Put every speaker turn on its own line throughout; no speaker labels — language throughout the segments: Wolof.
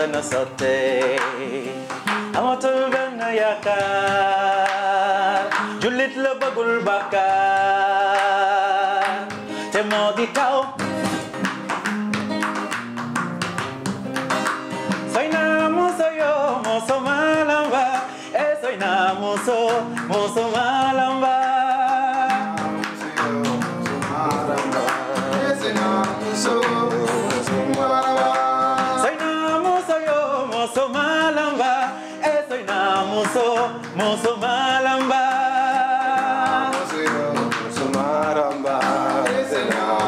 mën a sottee amatul benn yaakaar jullit la bëggul bàkkaar te moo di kaw Mozo Malamba.
Mozo Malamba.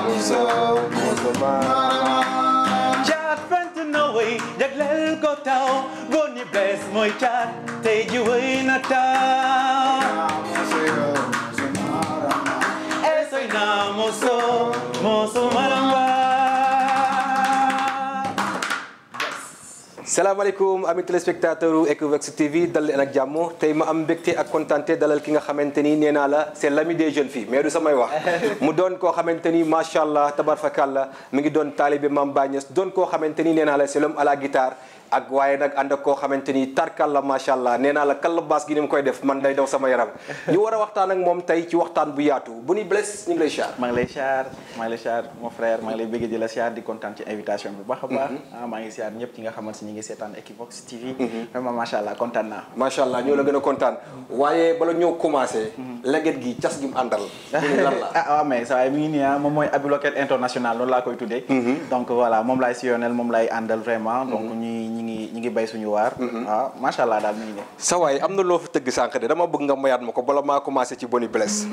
Mozo Malamba.
Chat fent no way, jaglel ko taw, goni bless moy chat, te jiwe na taw. Mozo Malamba. Eso na mozo,
mozo salaamaaleykum amis téléspectateurs Equivox TV dal leen ak jàmm tey ma am mbégte ak kontaante dalal ki nga xamante ni nee naa la c'est l'ami des jeunes filles mais du samay wax mu doon koo xamante ni macha allah tabarfakàllah mi ngi doon taalibe Mame Baye Niass doon koo xamante ni nee naa la c'est l'homme à la guitare ak waaye nag ànd ak koo xamante ni tarkal la macha allah nee naa la kàllabaas gi ni mu koy def man day daw sama yaram ñu war a waxtaan ak moom tey ci waxtaan bu yaatu bu ni bless ñu lay char maa ngi lay
char maa ngi lay char mon frère maa ngi lay bëgg di la char di kontaan ci invitation bu baax a baax mm-hmm. ah maa ngi char ñëpp ñi nga xamante ñi ngi seetaan Equivox TV mm-hmm. vraiment macha allah kontaan naa macha allah ñoo la gën a
kontaan waaye bala ñoo commencé mm-hmm. leget gi cas gi mu àndal ah
waaw sa waaye mi ngi nii ah moom mooy Abi Loket laa koy tuddee donc moom laay moom laay àndal vraiment donc ñi ngi ngi bay suñu waar waaw mhm. ah, macha allah daal mi ngi ne
sa waaye am na loo fi tëgg sànq de dama bëgg nga mayaat ma ko bala maa commencé ci Boni Bless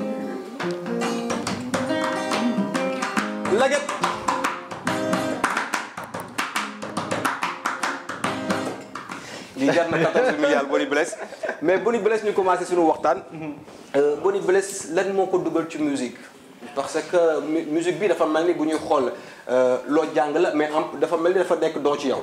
laget na 14 milliards Boni Bless mais Boni Bless ñu commencé suñu waxtaan mhm. euh, Boni Bless lan moo ko dugal ci musique parce que musique bi dafa mel ni bu ñuy xool euh, loo jàng la mais am dafa mel ni dafa nekk don ci yow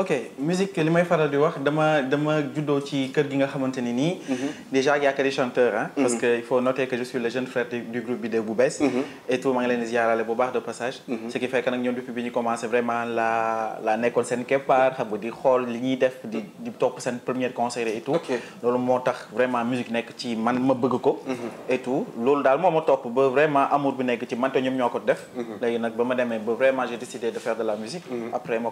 ok musique li may faral di wax dama dama juddoo ci kër gi nga xamante ni nii. Mhm. déjà y a que des chanteurs ah. parce mhm. que il faut noter que je suis le jeune frère du groupe Biddew bu bees. Mhm. et tout maa ngi leen di ziarale bu baax de passage. ce qui fait que nag ñoom depuis bi ñu commencé vraiment la nekkoon seen keppaar xam di xool li ñuy def di di topp seen première concert et loolu moo tax vraiment musique nekk ci man ma bëgg ko. et tout loolu daal moo ma topp ba vraiment amour bi nekk ci man de faire de la musique. après ma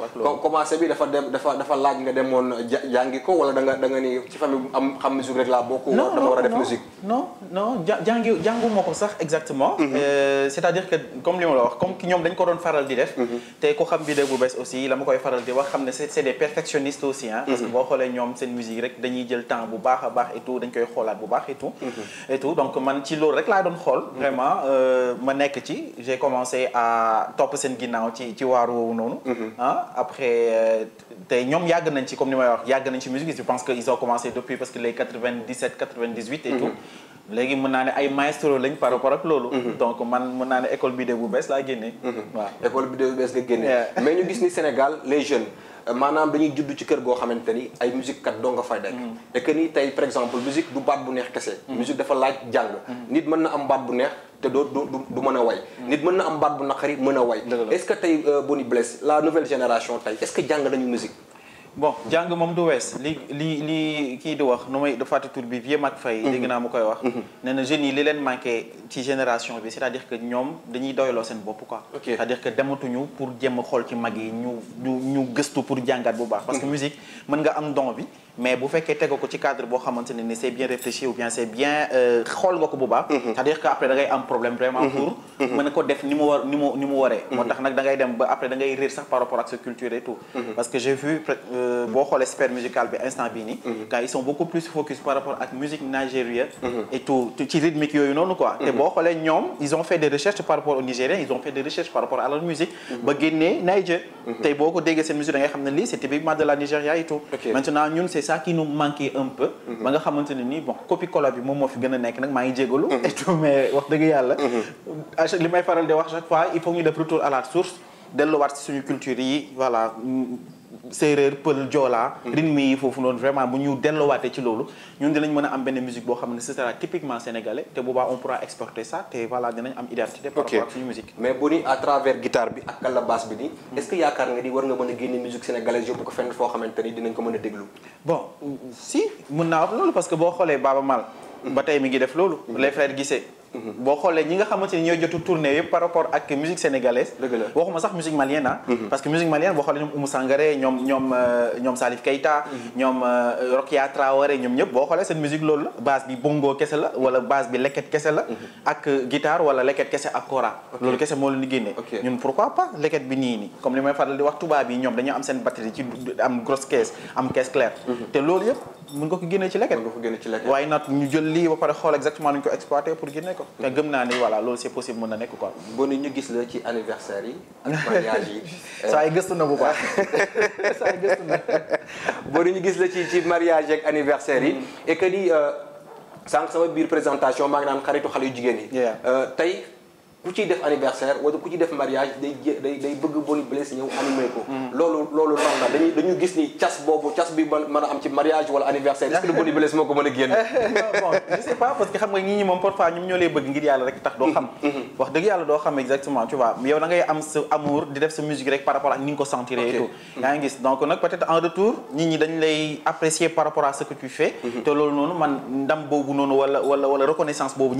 rapport ak loolu.
commencé dafa dem dafa dafa laaj nga demoon jàngi ko wala da nga da nga ni ci famille am xam musique rek a def musique.
non ko sax exactement. Mhm. Euh, cest comme li ma la wax comme ñoom dañ ko doon faral di def. Mhm. te ko xam vidéo bu bees aussi la ma koy faral di xam ne c'est des perfectionnistes aussi ah. parce que mhm. boo xoolee ñoom jël temps bu baax a baax et tout koy xoolaat bu baax et tout. et tout donc man ci loolu rek laa doon xool. vraiment euh, ma nekk ci j'ai commencé a topp seen ginnaaw ci ci waaru woowu noonu. Ah, après euh, te ñoom yàgg nañ ci comme ni may wax yàgg nañ ci musique je pense que ils ont commencé depuis parce que les 97 98 et mhm. tout léegi mën naa ne ay maestro lañ
par rapport ak loolu mhm. donc man mën naa ne école bi bu bees laa génne mhm. waaw école bi de bu bees nga génne mais ñu gis ni Sénégal les jeunes euh, maanaam dañuy judd ci kër goo xamante ni ay musique kat doo nga fay dekk mm. et que ni tey par exemple musique du baat bu neex kese mm. musique dafa laaj jàng mm. nit mën na am baat bu neex te doo du du mën a way nit mën na am baat bu naqari mën a way est-ce que tey euh, Boni Bless la nouvelle génération tey est-ce que jàng nañu musique
bon jàng moom du wees li li li kii di wax nu may da fàtte tur bi vieux Mac Faye dégg naa mu koy wax mhm. nee na jeunes yi li leen manqué ci génération bi c'est-à-dire que ñoom dañuy doyloo seen boppu quoi c'est-à-dire que dematuñu pour jéem a xool ci mag yi ñu ñu ñu gëstu pour jàngat bu baax parce que mhm. musique mën nga am don bi mais bu fekkee tegu ci cadre boo xamante ne ni bien réfléchi ou bien c' bien euh, xool nga ko bu mm-hmm. dire que après da am problème vraiment mm-hmm. pour. Mm-hmm. mën ko def ni mu war ni tax nag da ngay sax par rapport ak sa culture parce que j'ai vu euh, boo xoolee sphère musicale bi instant bii nii. ils sont beaucoup plus focus par rapport ak musique nigérienne. et tout ci rythmique yooyu noonu quoi. te boo xoolee ñoom ils ont fait des recherches par rapport au la Nigéria ça qui nous manquait un peu. Mhm. ba nga xamante ne nii bon copie colla bi moom moo fi gën a nekk nag maa ngi jégalu. Mhm. et tout mais wax dëgg yàlla.
Mhm.
li may faral di wax chaque fois il faut ñu def retour à la source delluwaat si suñu culture yi voilà. séeréer pël joola rythme yi foofu noonu vraiment bu ñu delluwaatee ci loolu ñun dinañ mën a am benn musique boo xam ne ce sera typiquement sénégalais te boobaa on pourra exporter
ça te voilà dinañ am identité par rapport ak suñu mais bu ni à guitare bi ak calebasse bi nii est que yaakaar nga ni war nga mën a génne musique sénégalaise yóbbu ko fenn foo xamante ni dinañ ko mën a déglu bon si mën naa wax loolu parce que boo xoolee Baaba Mhm.
boo xoolee ñi nga xamante ni ñooy jotu tournée yëpp par rapport ak musique sénégalaise waxuma sax musique malienne ah. mhm. parce que musique malienne boo xoolee ñoom Oumou Sangaré ñoom ñoom euh, ñoom Salif Keita mhm. ñoom euh, Rokia Traoré ñoom ñëpp boo xoolee seen musique loolu la base bi bongo kese la wala base bi leket kese la ak euh, guitare wala leket kese ak kora loolu kese moo leen di génne ñun pourquoi pas leket bi nii nii comme li may faral di wax tubaab yi ñoom dañoo ba pare xool exactement ñu ko exploité pour ko. te gëm naa ni voilà loolu c'est possible mën na nekk ko quoi. bon ñu gis la ci anniversaire yi ak mariage yi. saa yi gëstu na bu baax saa yi
gëstu na. bon ñu gis la ci ci mariage yi ak anniversaire yi. Mm-hmm. et que ni euh, sànq sama biir présentation maa ngi naan xaritu xale yu jigéen yi. Euh, tey. ku ci def anniversaire wala ku ciy def day bëgg Boni Blaise ñëw animé ko. Mm-hmm. loolu loolu tax na dañuy gis ni cas boobu cas bi mën a am ci mariage wala anniversaire est-ce que Boni Blaise moo ko mën a génn. bon
je sais mm-hmm. Mm-hmm. di def sa musique rek par rapport ak ni ko sentir et tout. yaa gis donc nag peut en retour nit dañ lay apprécier par rapport à ce que tu fais. te loolu noonu man ndam boobu noonu wala wala wala reconnaissance boobu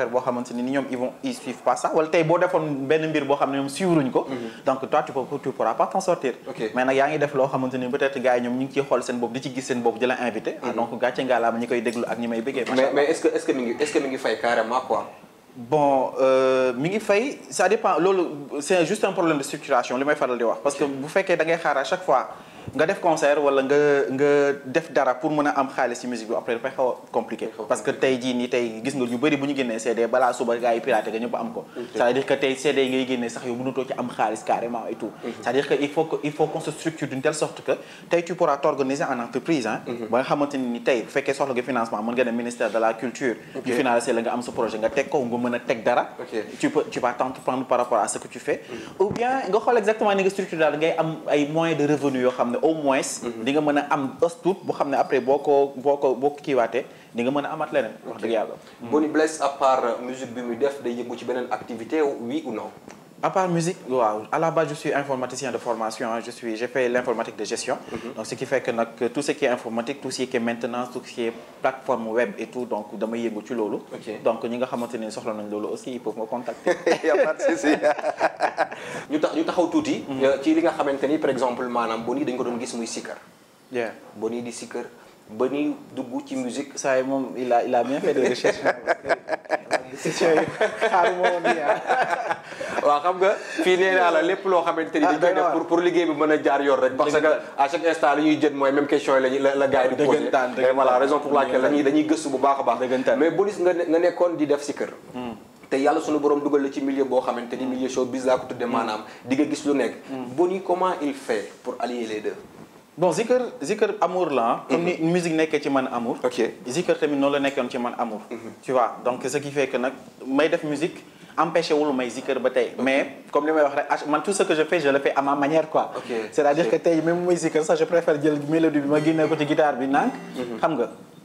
affaire boo xamante ni ñoom ils vont ils suivent pas ça boo defoon benn mbir boo xam ne ñoom suivruñ ko mhm. donc toi tu peux tu pourras sortir mais nag yaa ngi def loo xamante ni peut-être gars yi ñoom ñu ngi ciy xool seen bopp di ci gis seen bopp di la invité mhm. donc gàcce ngaalaama ñi koy déglu ak ñi may bëggee mais mais est-ce est-ce que mi ngi
est-ce que mi ngi fay carrément
quoi bon euh, mi ngi fay ça dépend loolu c'est juste nga def concert wala nga def dara pour mën a am xaalis ci musique bi après dafay xaw a compliqué parce que tey jii nii tey gis nga ñu bëri bu ñu génnee CD balaa suba gars yi piraté ga ñëpp am ko cest dire que tey CD ngay génnee sax yow mënutoo ci am xaalis carrément et tout cest dire que il faut que il faut qu'on se structure d'une telle sorte que tey tu pourras t'organiser en entreprise ah ba nga xamante tey fekkee soxla nga financement xam au moins mhm. di nga mën a am as tuut bu xam ne après boo ko boo ko boo kiiwaatee di nga mën a amat leneen wax dëgg yàlla Boni hmm.
Bless à part musique bi muy def day yëgu ci beneen activité wii u no
à part waaw à la base je suis informaticien de formation je suis j'ai fait l'informatique de gestion mm -hmm. donc ce qui fait que nag tout ce qui est informatique tout ce qui est maintenance tout ce qui est plateforme donc dama yëngu ci loolu donc ñi nga xamante ne soxla nañ loolu aussi ils peuvent me contacter
ñu tax ñu taxaw tuuti mhm. euh, ci li nga xamante ni par exemple maanaam boni dañ ko doon gis muy sikkar
bien boni
di sikkar boni dugg ci
musique ça moom a il a bien fait de décision
xam nga fii nee naa la lépp loo xamante ni ah, dañ koy def pour liggéey bi mën a jaar yoon rek parce que à chaque instant li ñuy mooy même question yi la la gars yi di posé et raison pour laquelle lañuy dañuy gëstu bu baax a baax mais bolis nga nekkoon di def si kër hmm. te yàlla suñu borom dugal la ci milieu boo xamante ni hmm. milieu showbiz laa ko tudde hmm. maanaam di nga gis lu nekk boni comment il fait pour allier les deux bon zikar
zikar amour la comme mhm. ni musique nekkee ci man amour. ok zikar tamit noonu la nekkoon ci man amour. Mhm. tu vois donc ce qui fait que nag may def musique empêché wul may zikar ba tey. mais comme li may wax rek man tout ce que je fais je le fais à ma manière quoi. ok à dire que tey même ma génne ko ci guitare bi nànk. Mhm. xam nga.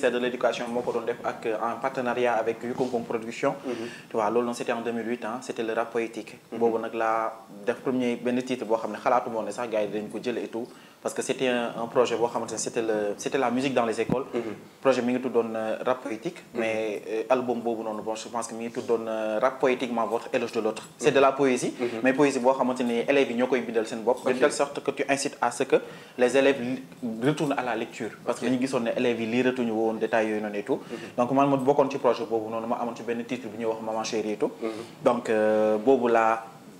ministère de l' moo ko doon def ak euh, en partenariat avec Yukonkom production mm-hmm. waaw loolu noonu c' était en 2008 ah c' était le rap poétique mm-hmm. boobu nag laa def premier benn titre boo xam ne xalaatumoon ne sax gars yi dañ ko jële et parce que c' était un projet boo xamante ne c' était le c' était la musique dans les écoles. Mm-hmm. projet mi ngi tuddoon euh, rap poétique. Mm-hmm. mais euh, album boobu noonu bon je pense que mi ngi tuddoon euh, rap poétiquement votre éloge de l' autre. c' est mm-hmm. de la poésie. mais poésie boo xamante ni élèves yi ñoo koy bindal seen bopp. que tu incites à ce que les élèves retournent à la lecture. parce que dañu gisoon ne élèves yi lii woon détails yooyu noonu tout. donc man ma bokkoon ci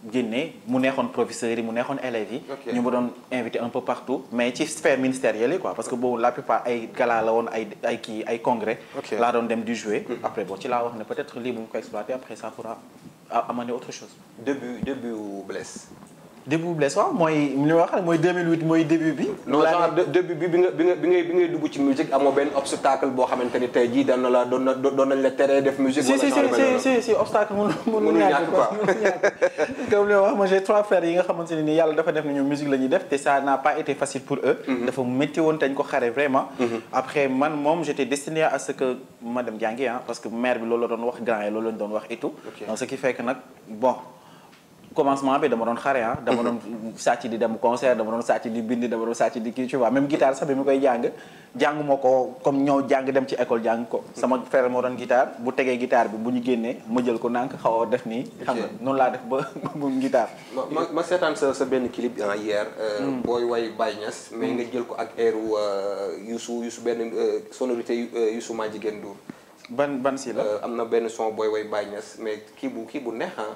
génnee mu neexoon professeurs yi mu neexoon élèves yi. ñu ma doon invité un peu partout. mais ci sphère ministérielle yi quoi parce que boobu la plupart ay gala la woon ay ay kii ay congrès. laa doon dem di jouer. Mm-hmm. après bon ci laa wax ne peut être lii bu ñu ko exploité après ça pourra amener autre chose.
début début
Blaise. début Bless waaw mooy li ma wax mooy 2008 bi.
non genre début bi bi nga bi nga bi ngay bi ngay dugg tey jii daan na la doon na doon nañ la teree def. musique wala si si
si si obstacle mënu mënu ñàkk quoi mënu wax ma j'ai trois frères yi nga xamante ne ni yàlla dafa def nañu ñoom musique la ñuy def te ça n'a pas été facile pour eux. Mm-hmm. dafa métti woon dañ ko xare vraiment. Mm-hmm. après man moom j'étais destiné à ce que ma dem jàngi ah parce que mère bi loolu la doon wax grand yi loolu la doon wax et tout. donc ce qui fait nag bon. commencement bi dama doon xare ah. dama doon sàcc di dem concert dama doon sàcc di bind dama doon sàcc di kii ci vois même guitare sax bi mu koy jàng jàng moo ko comme ñëw jàng dem ci école jàng ko. sama frère moo doon guitare bu tegee gitaar bi bu ñu génnee ma jël ko nànk xaw a def nii. xam nga noonu laa def ba ba guitare.
ma ma seetaan sa benn clip ah hier. Euh, hmm. booy way Baye Niass. Hmm. nga jël ko ak airu euh, Youssou Youssou benn euh, sonorité Youssou maa jigéen Ndour. ban ban si la. am na benn son booy way Baye Niass mais kii bu kii bu neex ah.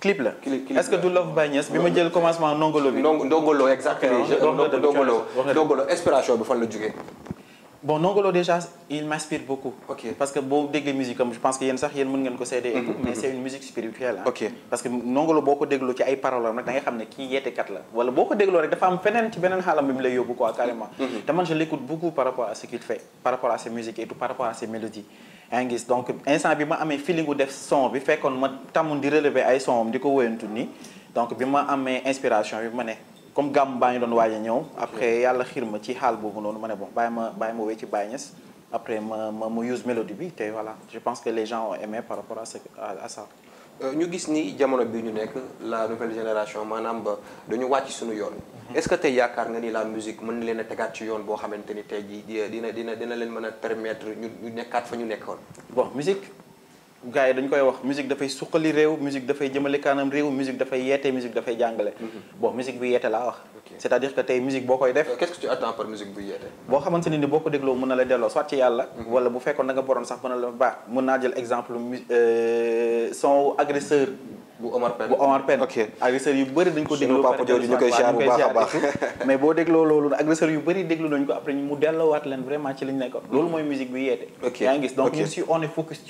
clip la est-ce que du Love
by Niass bi ma jël commencement Ndongolo bi. Ndongolo exactement Ndongolo bi fan la jógee. bon Ndongolo déjà il m'inspire beaucoup. parce que boo déggee musique am je pense que yéen sax yéen mën ngeen ko seede. mais mhm. c'est une musique spirituelle parce que Ndongolo boo ko dégloo ci ay paroles am rek da xam ne kii yeetekat la. wala boo ko dégloo rek dafa am feneen ci beneen xaalam bi mu lay yóbbu quoi carrément. Mhm. te man je l'écoute beaucoup yaa ngi donc instant bi ma amee feeling bu def son bi fekkoon ma tàmmoon di relever ay son di ko wéyantu nii donc bi ma amee inspiration bi ma ne comme gàmm baa ngi doon waaj a ñëw après yàlla xiir ma ci xaal boobu noonu ma ne bon bàyyi ma bàyyi ma wéy ci Baye après ma ma ma use mélodie bi te voilà je pense que les
gens ont aimé par rapport à ce Euh, ñu gis ni jamono bi ñu nekk la nouvelle génération maanaam ba dañu wàcc suñu yoon mhm. est-ce que tey yaakaar nga ni la musique mën na leen a tegaat ci yoon boo xamante ni tey jii dina dina dina leen mën a permettre ñu ñu nekkaat fa ñu nekkoon bon musique gars yi dañ koy wax musique dafay suqali réew musique dafay jëmale kanam réew musique dafay yeete musique
dafay jàngale mhm. bon musique bu yeete laa wax c'est-à-dire que tey musique boo koy def euh, qu'est-ce que tu attends boo ko dégloo mën na la delloo soit ci yàlla mhm. wala bu fekkoon da nga boroon sax mën na la baax mën naa jël exemple euh, son agresseur bu Omar Pène bu agresseur yu bëri dañ ko déglu papa jooju ñu boo dégloo loolu agresseur yu bëri déglu nañ ko après mu delloowaat leen vraiment loolu mooy musique bu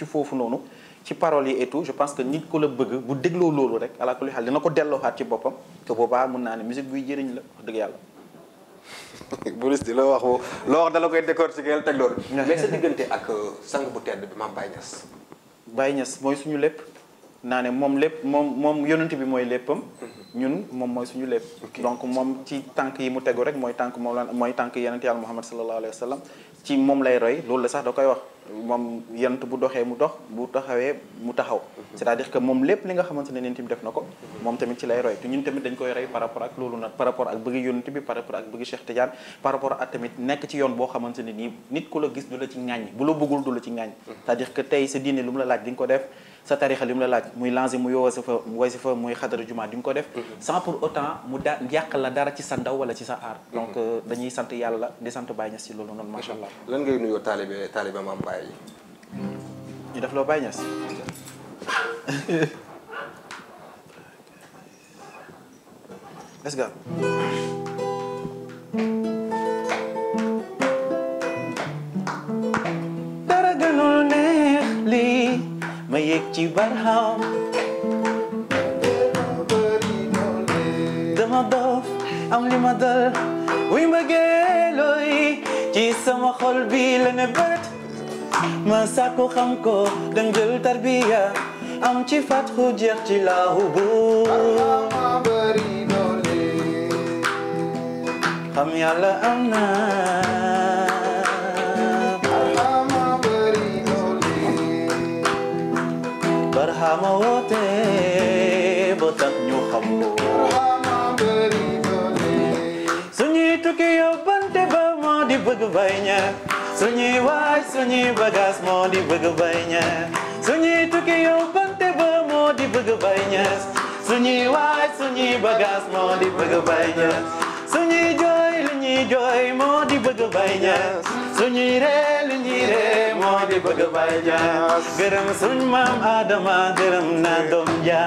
foofu noonu ci paroles yi et tout je pense que nit ko la bëgg bu dégloo loolu rek ala kulli xaal dina ko delloowaat ci
boppam que boobaa mun naa ne musique buy jëriñ la wax dëgg yàlla. Bruce di loo wax woo loo wax dala koy décortiquer teg loolu. mais sa diggante ak euh, sang bu tedd bi maam Baye Niass.
Baye Niass mooy suñu lépp. naa ne moom lépp moom moom yonent bi mooy léppam. Mhm. ñun moom mooy suñu lépp. donc moom ci tànk yi mu tegu rek mooy tànk moom la mooy tànk yonent yàlla Muhammad sallallahu alayhi wa sallam ci moom lay roy loolu la sax da koy wax moom yonent bu doxee mu dox bu taxawee mu taxaw. Mhm. c'est-à-dire moom lépp li nga xamante ne yonent bi def na ko. moom tamit ci lay roy te ñun tamit dañ koy roy par rapport ak loolu nag par rapport ak bëgg yonent bi par rapport ak bëgg Cheikh Tidiane par rapport ak tamit nekk ci yoon boo xamante ne nii nit ku la gis du la ci ŋàññ bu la ci ŋàññ. Mhm. c'est-à-dire laaj di nga ko def sa tarixa li mu la laaj muy lancé mu yow sa fa way si fa muy xadara juma di ko def mm-hmm. sans pour autant mu da yàq la dara ci sa ndaw wala ci sa aar mm-hmm. donc euh, dañuy sant yàlla di sant Baye Niass ci loolu noonu macha allah
lan ngay nuyoo taalibe taalibe maam Baye yi ñu def loo
Baye Niass let's
Meyek ci barham dama dof am li ma dal wuy mbëggeelooy ci sama xol bi la ne bët ma sàkku xam ko dëngël tarbiya am ci fat xu jeex ci laahu buur xam yàlla am na hamawate botak ñu xam ko moo di bëgg bay ña suñuy waaj suñuy bagaas moo di bëgg bay ña suñuy tukki yóbbante ba moo moo di bëgg bay ña suñuy jooy li ñuy jooy moo di bëgg bay suñuy ree li ñuy ree moo di bëgg Baay gërëm suñ maam Adama gërëm na doom ja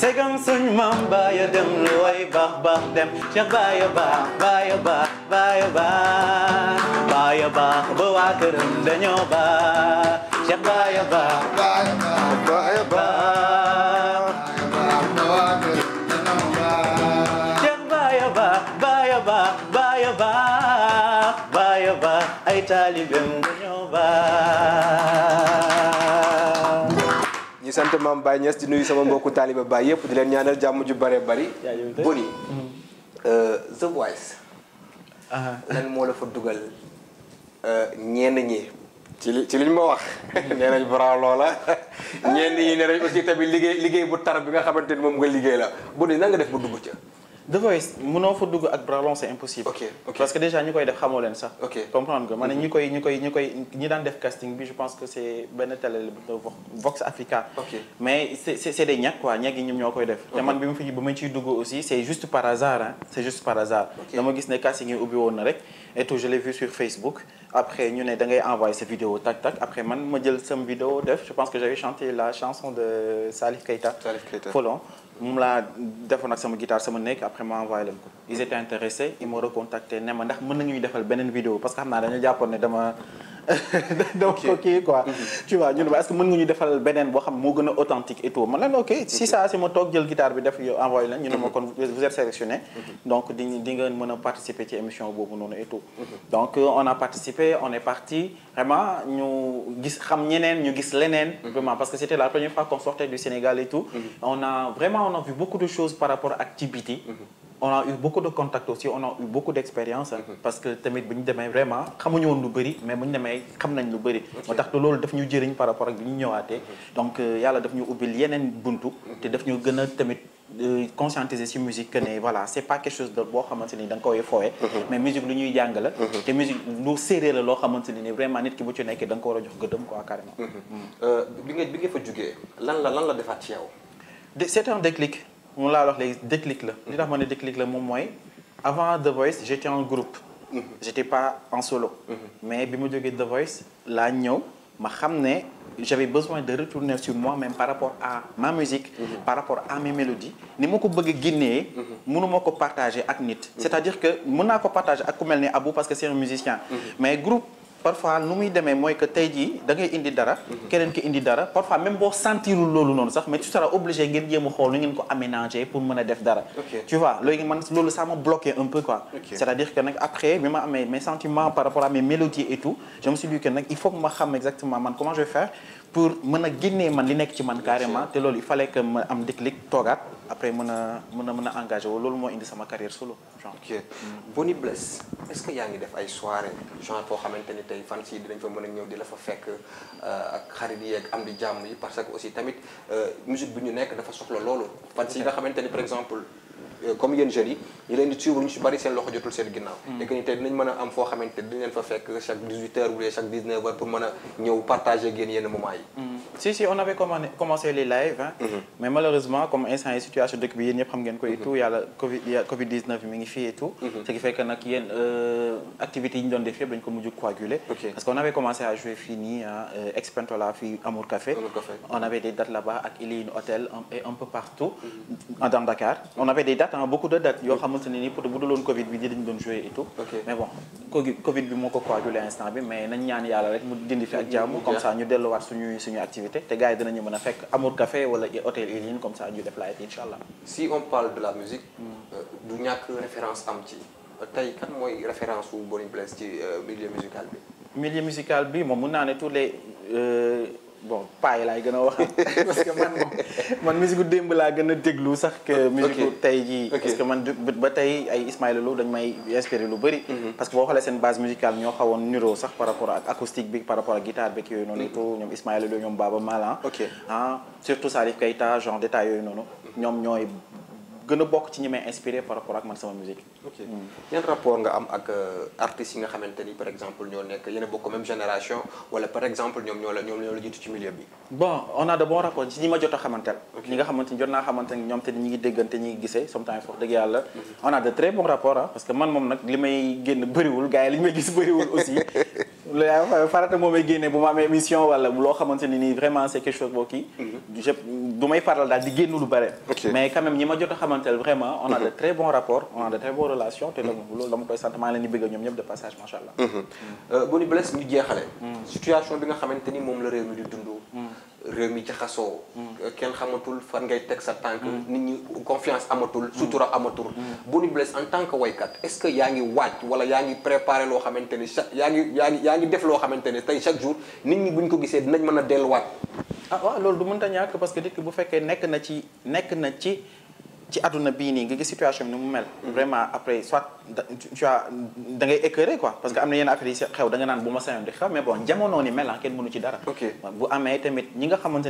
segam suñ maam baaya dem lu baax baax dem Cheikh baaya baax baaya baax baaya baax baaya baax baaya baax ay taalibeem dañoo
baax. ñi sant maam Baye Niass di nuyu sama mbokku taalibe Baye yëpp di leen ñaanal jàmm ju bare bari. Boni
mm-hmm.
euh, The Voice. lan moo la fa dugal euh, ñenn ñi. ci li ci liñ ma wax nee nañ bravo loola ñenn ñi nee nañ aussi tamit liggéey liggéey bu tara bi nga xamante ni moom nga liggéey la Boni nan nga def ba dugg
ca. The Voice mënoo fa dugg ak bras c'est impossible. parce que déjà ñi koy def xamoo leen sax. comprendre nga ma ne mhm. ñi koy ñi koy ñi koy ñi daan def casting bi je pense que c'est benn télé Vox Africa. mais c'est c'est des ñag quoi ñag yi ñoom ñoo koy def. te man bi ma fi ba ma ciy dugg aussi c'est juste par hasard hein c'est juste par hasard. dama gis ne casting yi ubbi woon na rek et tout je l'ai vu sur Facebook après ñu ne da ngay envoyer sa vidéo tac tac après man ma jël sam vidéo def que j'avais la chanson de Salif Keita. Salif Keita moom laa defoon ak sama guitare sama nekk après ma envoyé leen ko ils étaient intéressés ils m'ont recontacté ne ma ndax mën nañuy defal beneen vidéo parce que xam naa dañu jàppoon ne dama donc kii quoi. Mhm. tu vois ñu est mën nga ñu defal beneen boo xam moo gën a authentique et tout man leen ok si ça si ma toog jël guitare bi def yow leen. ñu ne mhm. kon vous êtes mhm. donc di nga mën a participer ci émission boobu noonu et tout. donc euh, on a participé on est parti vraiment ñu gis xam ñeneen ñu gis leneen. parce que c'était la première fois qu'on sortait du Sénégal et on a vraiment on a vu beaucoup de choses par rapport ak ci biti on a eu beaucoup de contacts aussi on a eu beaucoup d'expérience mhm. parce que tamit bu ñu demee vraiment xamuñu woon lu bëri mais bu ñu demee xam nañ lu bëri moo tax te loolu daf ñu jëriñ par rapport ak bi ñu ñëwaatee mhm. donc euh, yàlla daf ñu ubbil mhm. te daf ñu gën a tamit euh, conscientiser ci musique que ne voilà c'est pas xamante ni da nga koy fooye mais musique lu ñuy jàng la te musique lu séeréer la loo xamante ni vraiment nit ki bu ci nekkee da nga ko war a jox gëddëm quoi carrément
euh, bi bi nga fa jugee lan la lan la defaat ci yow
moom laa wax léegi déclic la li tax ma ne déclic la moom mooy avant The Voice j'étais en groupe j'étais pas en solo mais bi ma jógee The Voice laa ñëw ma xam ne j'avais besoin de retourner sur moi-même par rapport à ma musique par rapport à mes mélodies ni ma ko bëgg a génnee mënuma ko partager ak nit c'est-à-dire que mën naa ko partager ak ku mel ni Abou parce que c'est un musicien mhm. mais groupe parfois nu muy demee mooy que tey jii da ngay indi dara. keneen ki indi dara parfois même boo sentirul loolu noonu sax mais tu seras obligé ngeen jéem xool nu ngeen ko aménager pour mën a def dara. tu vois léegi man loolu ça m'a bloqué un peu quoi. Okay. c'est-à-dire que nag après bi ma amee mes sentiments par rapport a mes mélodies et je me suis dit il faut ma xam exactement man comment je vais pour mën a génnee man li nekk ci man carrément te loolu il fallait que ma am déclic toogaat après mën a mën a mën a engagé
wu loolu moo indi sama carrière solo genre. ok Boni est-ce que yaa ngi def ay soirée genre foo xamante ni tey fan si dinañ fa mën a ñëw di la fa fekk euh, ak xarit yi ak am di jàmm yi parce que aussi tamit euh, musique bu ñu nekk dafa soxla loolu fan si nga xamante ni par exemple. Euh, comme yéen jeunes yi ñu leen di ñu ci bari seen loxo jotul seen ginnaaw mm. et que ni tey a am foo xamante dañ leen fa fekk chaque 18 heures wala chaque 19 heures pour mën a ñëw partager ak yenn moment yi mm. si si on avait commencé les lives mm-hmm.
mais malheureusement comme instant yi situation dëkk bi yéen ñëpp xam ngeen ko mm-hmm. tout mm-hmm. ce qui fait que nag yéen euh, activités yi ñu doon def yëpp dañ ko mujj coaguler parce que on avait commencé à jouer fii nii ah attend beaucoup de dates yoo xamante ne nii peut-être bu duloon Covid bi dinañ doon jouer et tout. mais bon Covid bi moo ko coagulé instant bi mais nañ ñaan yàlla rek mu dindi fi ak jàmm. comme ça ñu delluwaat suñuy suñu activité te gars
dinañu mën a fekk
Amour Café wala hôtel Iline comme ça ñu def live incha allah.
si on parle de la musique. Mm. Euh, du ñàkk référence am ci euh, tey kan mooy référence wu Boni Bless ci euh,
milieu musical bi. moom mun naa ne bon paa laay gën a wax parce que man moom man musique démb laa gën a déglu sax que musique tey jii parce que man ba tey ay Ismaïla Lo dañ may inspiré lu bëri mhm. parce que boo xoolee seen base musicale ñoo xawoon nuroo sax par rapport ak acoustique bi par rapport ak guitare bi yooyu noonu tout mhm. ñoom Ismaïla Lo ñoom Baba Malan ah surtout Salif Keita genre détail yooyu noonu mhm. ñoom ñooy gën a bokk ci ñi may inspiré par rapport ak man sama musique. ok hmm.
rapport nga am ak euh, artistes yi nga xamante ni par exemple ñoom ñoom la jiitu ci milieu bi.
bon on a de bons rapports ci ñi ma jot a xamanteel. ñi nga xamante ni jot naa xamante ne ñoom te ñi ngi déggante ñi ngi gisee sometimes wax dëgg yàlla. Mhm. on a de très bons rapports parce que man moom nag li may génn bëriwul gars li ñu may gis bëriwul aussi. farata moo may génne bu ma amee émission wala loo xamante ne nii vraiment c'est quelque chose boo kii. Mhm. du may faral daal di génn lu bare. mais quand même ñi ma jot a xamanteel vraiment. on a mhm. de très bons rapports on a de très bonnes relations. te mhm. loolu dama koy sant maa bëgg ñoom ñëpp de passage macha allah.
Euh, bu ñu ñu jeexale. situation bi nga xamante ni moom la réew mi di dund. réew mi jaxasoo. Mm. kenn xamatul fan ngay teg sa tànk. Mm. nit ñi confiance amatul. Mm. sutura amatul. Boni Bless en tant que waykat est-ce que yaa ngi waaj wala yaa ngi préparé loo xamante ni chaque yaa ngi yaa ngi yaa ngi def loo xamante ne tey chaque jour nit ñi buñ ko gisee dinañ mën a delluwaat. ah waaw loolu du mënta ñàkk parce que nit ki bu fekkee nekk na ci nekk na ci. ci àdduna bii nii nga gis
situation bi ni mu mel. vraiment après soit tu na yenn affaire yi si xew da ma sañoon di xew mais ah, a mhm. nga xamante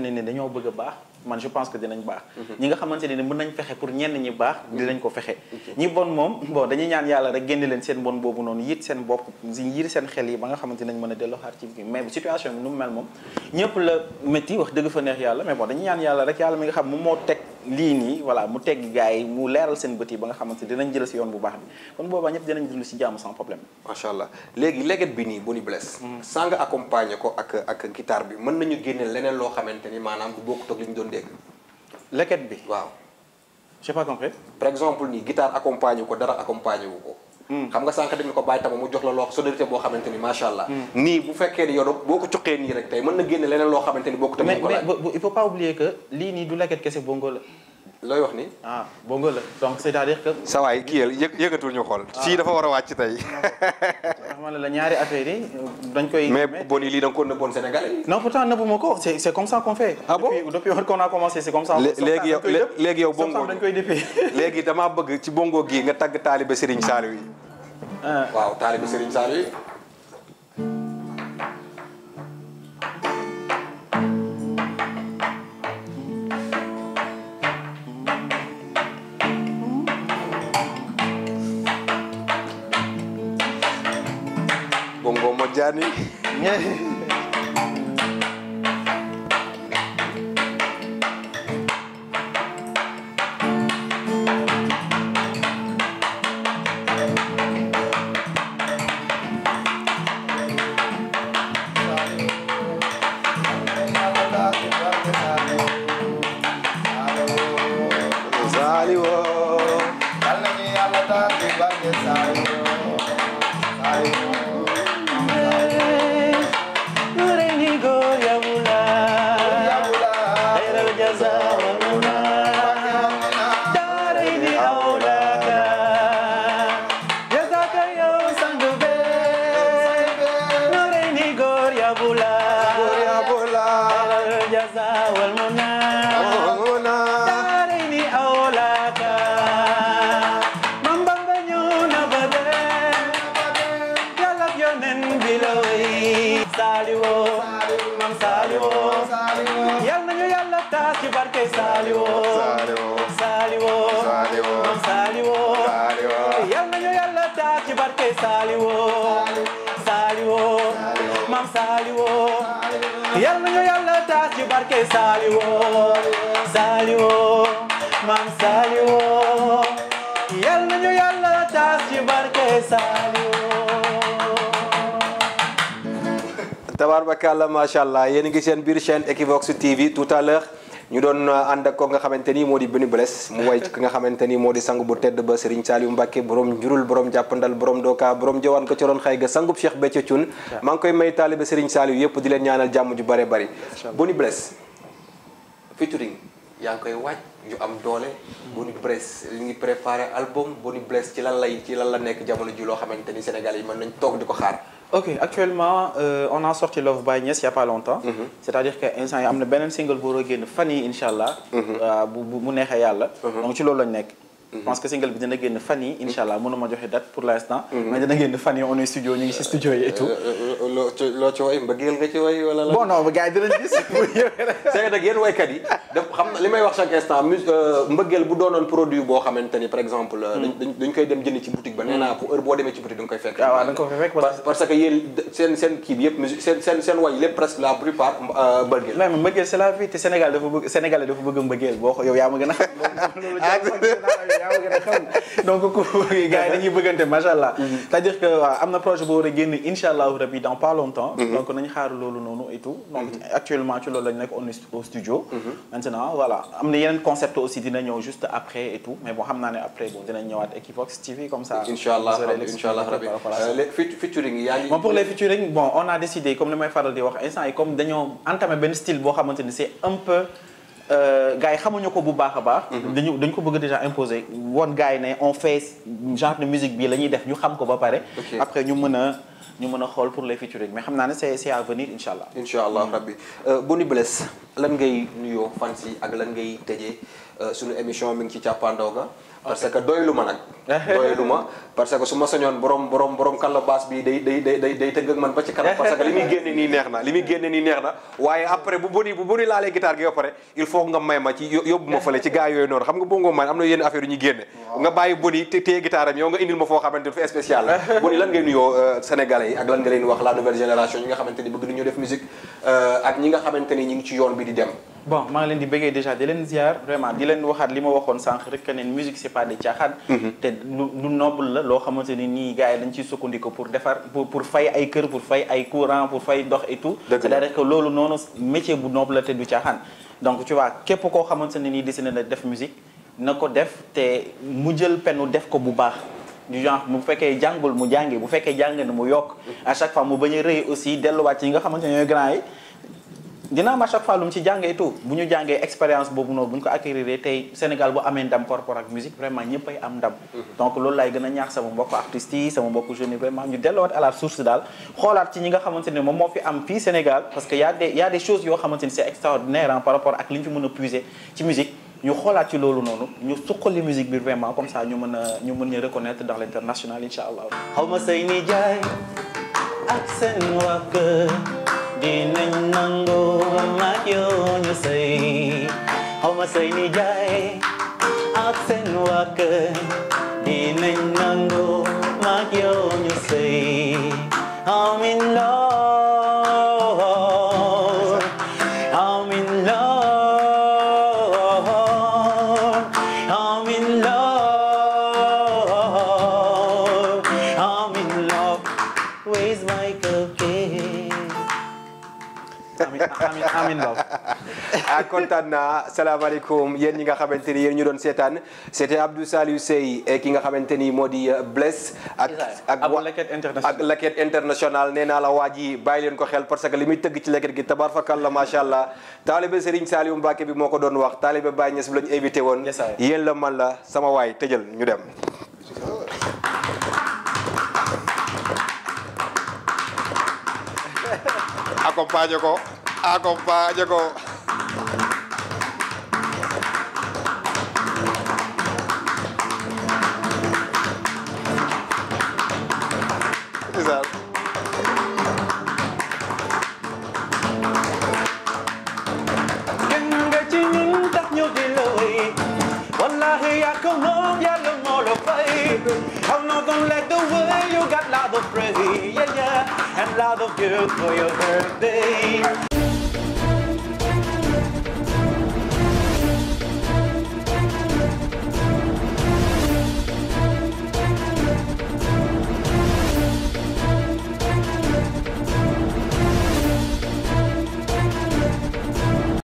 ne ni mën nañ fexe pour ñenn ñi baax mhm. dinañ ko fexe. ñi bon moom leen seen bon boobu noonu yiit seen bopp yiit seen xel a delloo xaar ci bi mais situation bi nu mu mel moom ñëpp la métti wax dëgg fa neex yàlla mais bon dañuy ñaan yàlla rek yàlla mi nga xam moom moo teg lii nii voilà mu tegg gars yi mu leeral seen bët
yi ba nga xamante ne dinañ jël si yoon bu baax bi kon boobaa ñëpp dinañ dund si jàmm sans problème. macha allah léegi leget bi nii Boni Bless. Hmm. saa nga accompagner ko ak ak bi mën nañu génne leneen loo xamante ni maanaam du bokk toog li ñu doon dégg. leget bi waaw. j'ai pas compris. par exemple nii guitare accompagner ko dara accompagner wu ko. Hmm. xam nga sànq dem ko bàyyi tama mu jox la loo solidarité boo xamante ni macha allah. Hmm. nii bu fekkee ni yow boo ko cuqee nii rek tey mën na génne leneen loo xamante ni boo ko tamit. mais mais
il faut pas oublier que lii nii du leket kese bongo la.
looy wax ni ah bongo la donc c'est-à-dire sa waay kii yë yëkkatul ñu xool. Ah. fii dafa war a wàcc tey. xam la ñaari affaire yi dañ koy. mais bon lii da nga ko nëbboon Sénégal yi.
non pourtant nëbbu ma ko c'est c'est comme ça qu'on fait. Ah commencé c'est comme ça. léegi yow
léegi yow bongo dañ koy defee. léegi damaa bëgg ci bongo gi nga tagg taalibe Serigne Saliou yi. Ah. waaw taalibe Serigne Saliou yi. gani
tas ci barke Saliou Saliou Saliou Saliou Saliou Saliou yal na ñu yàlla tas ci barke Saliou Saliou Mam Saliou yal na ñu yàlla tas ci barke Saliou Saliou Mam Saliou yal na ñu yàlla tas ci barke Saliou
tabaarkalla macha allah yéen a ngi seen biir chaîne Equivox TV tout à l'heure ñu doon euh, ànd ak ko nga xamante ni moo di Boni Bless mu way ki nga xamante ni moo di sang bu tedd ba Serigne Saliou Mbacke borom njurul borom jàppandal borom dooka borom jawaan ko ci roon xay ga sangub Cheikh Béthio Thioune maa ngi koy may taalibe Serigne Saliou yëpp di leen ñaanal jàmm ju bare bari Boni Bless featuring yaa ngi koy waaj yu am doole Boni Bless li ngi préparé album Boni Bless ci lan lay ci lan la nekk jamono ji loo xamante ni Sénégal yi mën nañ toog di ko xaar
ok actuellement euh, on a sorti Love by Niass il y pas longtemps. Mhm. c'est-à-dire que instant yi am na beneen single bu war a génn fan yii incha allah. Mhm. Euh, bu bu mu neexee yàlla. Mhm. donc ci loolu lañ nekk. je pense que single bi dina génn fan yi incha allah mënuma joxe date pour l'instant mais dina génn fan yi on studio ñu si studio yi et
loo ci woy mbëggeel nga ci woy wala la bon non gars euh, mbëggeel bu boo xamante ni par exemple euh, dañ koy dem jënd ci mbëggeel même la vie te
Sénégal dafa bëgg Sénégalais dafa bëgg mbëggeel boo yow yaa ma gën a yaa ngi gën yi dañuy bëggante macha allah. Mm-hmm. dire que euh, am na projet boo war a génn incha pas longtemps. Mm-hmm. donc nañu xaar loolu noonu et donc mm-hmm. actuellement loolu lañ nekk au studio. maintenant voilà mais xam naa ne après bon ñëwaat Equivox TV comme ça. incha allah incha allah pour les featuring on a décidé comme li may faral di wax instant yi comme dañoo entamé benn style boo xamante ni c'est un peu. Euh, gars yi xamuñu ko bu baax a baax. Mhm. dañu dañ ko bëgg déjà imposé woon gars yi ne on fait genre de musique bii la ñuy def ñu xam ko ba pare. après ñu mën a ñu mën a xool
pour les featuring mais xam naa ne c'est c'est à venir incha allah. incha allah mhm. rabbi euh, Boni Bless lan ngay nuyoo fans yi ak lan ngay tëjee euh, sunu émission mi ngi ci càppaandaw ga. parce que doylu ma nag. doylu ma parce que su ma sañoon borom borom borom kàllabaas bi day day day day tëgg ak man ba li muy génne nii neex na li muy génne nii na waaye après bu bëri bu bëri laalee guitare gi ba pare il faut nga may ma ci yóbbu ma fële ci gaa yooyu noonu xam nga bongo man am na yenn affaire yu ñu génne. nga bàyyi boni te téye guitare am yow nga indil ma foo xamante dafa spécial la. boni lan ngay nuyoo euh, sénégalais yi ak lan nga leen wax la nouvelle génération ñi nga xamante ni bëgg euh, ñi nga xamante ngi ci yoon bi di dem
bon maa leen di bëggee déjà di leen ziar vraiment di leen waxaat li ma waxoon sànq rek que ne musique c'est pas des caaxaan. Mm-hmm. te lu lu noble la loo xamante ni nii gars yi dañ ciy sukkandiku pour defar pour pour fay ay kër pour fay ay courant pour fay dox et tout. dëgg la cest à loolu noonu métier bu noble la te du caaxaan. donc tu vois képp koo xamante ne nii dessiné na def musique na ko def te mu jël penu def ko bu baax. du genre bu fekkee jàngul mu jàngi bu fekkee jàng na mu yokk mm-hmm. à chaque fois bañ a rëy aussi delluwaat yi nga xamante ne ñooy grand yi. dina am à ci jàngee tout bu ñu jàngee expérience boobu noonu bu ko acquérir tey Sénégal bu amee ndam par rapport ak musique vraiment ñëpp am ndam. Mm-hmm. donc loolu laay gën a ñaax sama mbokku artistes sama mbokku jeunes vraiment ñu delluwaat à la source daal xoolaat ci ñi nga xamante ne moom moo fi am fii Sénégal parce que y a des y a des choses yoo xamante ni extraordinaire par rapport ak li ñu fi mën a puiser ci musique. ñu xoolaat ci loolu noonu dinañ nangu maag yow ñu
sëy xaw ma sëy ni jaay ak seen waa kër dinañ nangu maag yow ñu sëy I'm in love
amiin amiin Ba. ah kontaan naa salaamaaleykum yéen ñi nga xamante ni yéen ñu doon seetaan c'était Abdou Saliou Sey eh, ki nga xamante ni moo di eh, Blaise. ak ak ak leket international nee naa la waa ji bàyyi leen ko xel parce que li muy tëgg ci leket gi tabarfakalla macha allah. taalibe Serigne Saliou Mbacke bi moo ko doon wax taalibe Baye Niass bi la ñu invité woon. yéen la man la sama waay tëjal ñu dem. acompanhe ko Acompañe con...
Exacto. I'm not gonna let the way you got loud of praise, yeah, yeah, and loud of good for your birthday.